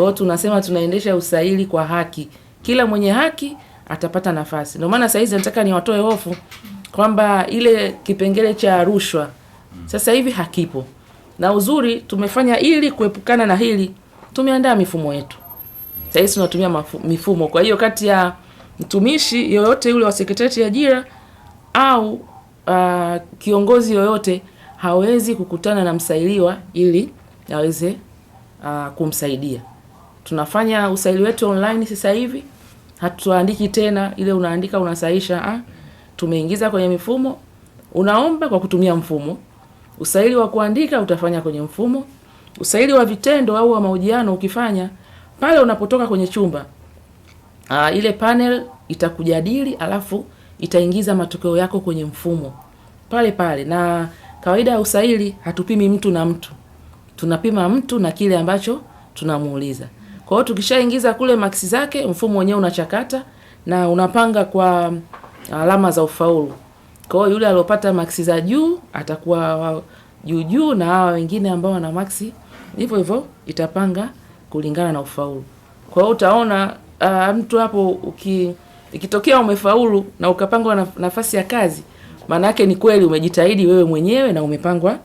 Kwa hiyo tunasema tunaendesha usaili kwa haki, kila mwenye haki atapata nafasi. Ndio maana hizi nataka niwatoe hofu kwamba ile kipengele cha rushwa sasa hivi hakipo, na uzuri tumefanya ili kuepukana na hili, tumeandaa mifumo yetu saizi tunatumia mifumo. Kwa hiyo kati ya mtumishi yoyote yule wa sekretarieti ya ajira au uh, kiongozi yoyote hawezi kukutana na msailiwa ili aweze uh, kumsaidia tunafanya usaili wetu online sasa hivi, hatuandiki tena ile unaandika unasaisha. Ah, tumeingiza kwenye mifumo, unaomba kwa kutumia mfumo. Usaili wa kuandika utafanya kwenye mfumo. Usaili wa vitendo au wa mahojiano ukifanya pale unapotoka kwenye chumba ah, ile panel itakujadili alafu itaingiza matokeo yako kwenye mfumo pale pale. Na kawaida ya usaili hatupimi mtu na mtu, tunapima mtu na kile ambacho tunamuuliza. Kwa hiyo tukishaingiza kule maksi zake, mfumo wenyewe unachakata na unapanga kwa um, alama za ufaulu. Kwa hiyo yule aliopata maksi za juu atakuwa juu juu, na hawa wengine ambao wana maksi hivyo hivyo itapanga kulingana na ufaulu. Kwa hiyo utaona uh, mtu hapo uki, ikitokea umefaulu na ukapangwa na nafasi ya kazi, maana yake ni kweli umejitahidi wewe mwenyewe na umepangwa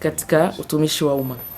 katika utumishi wa umma.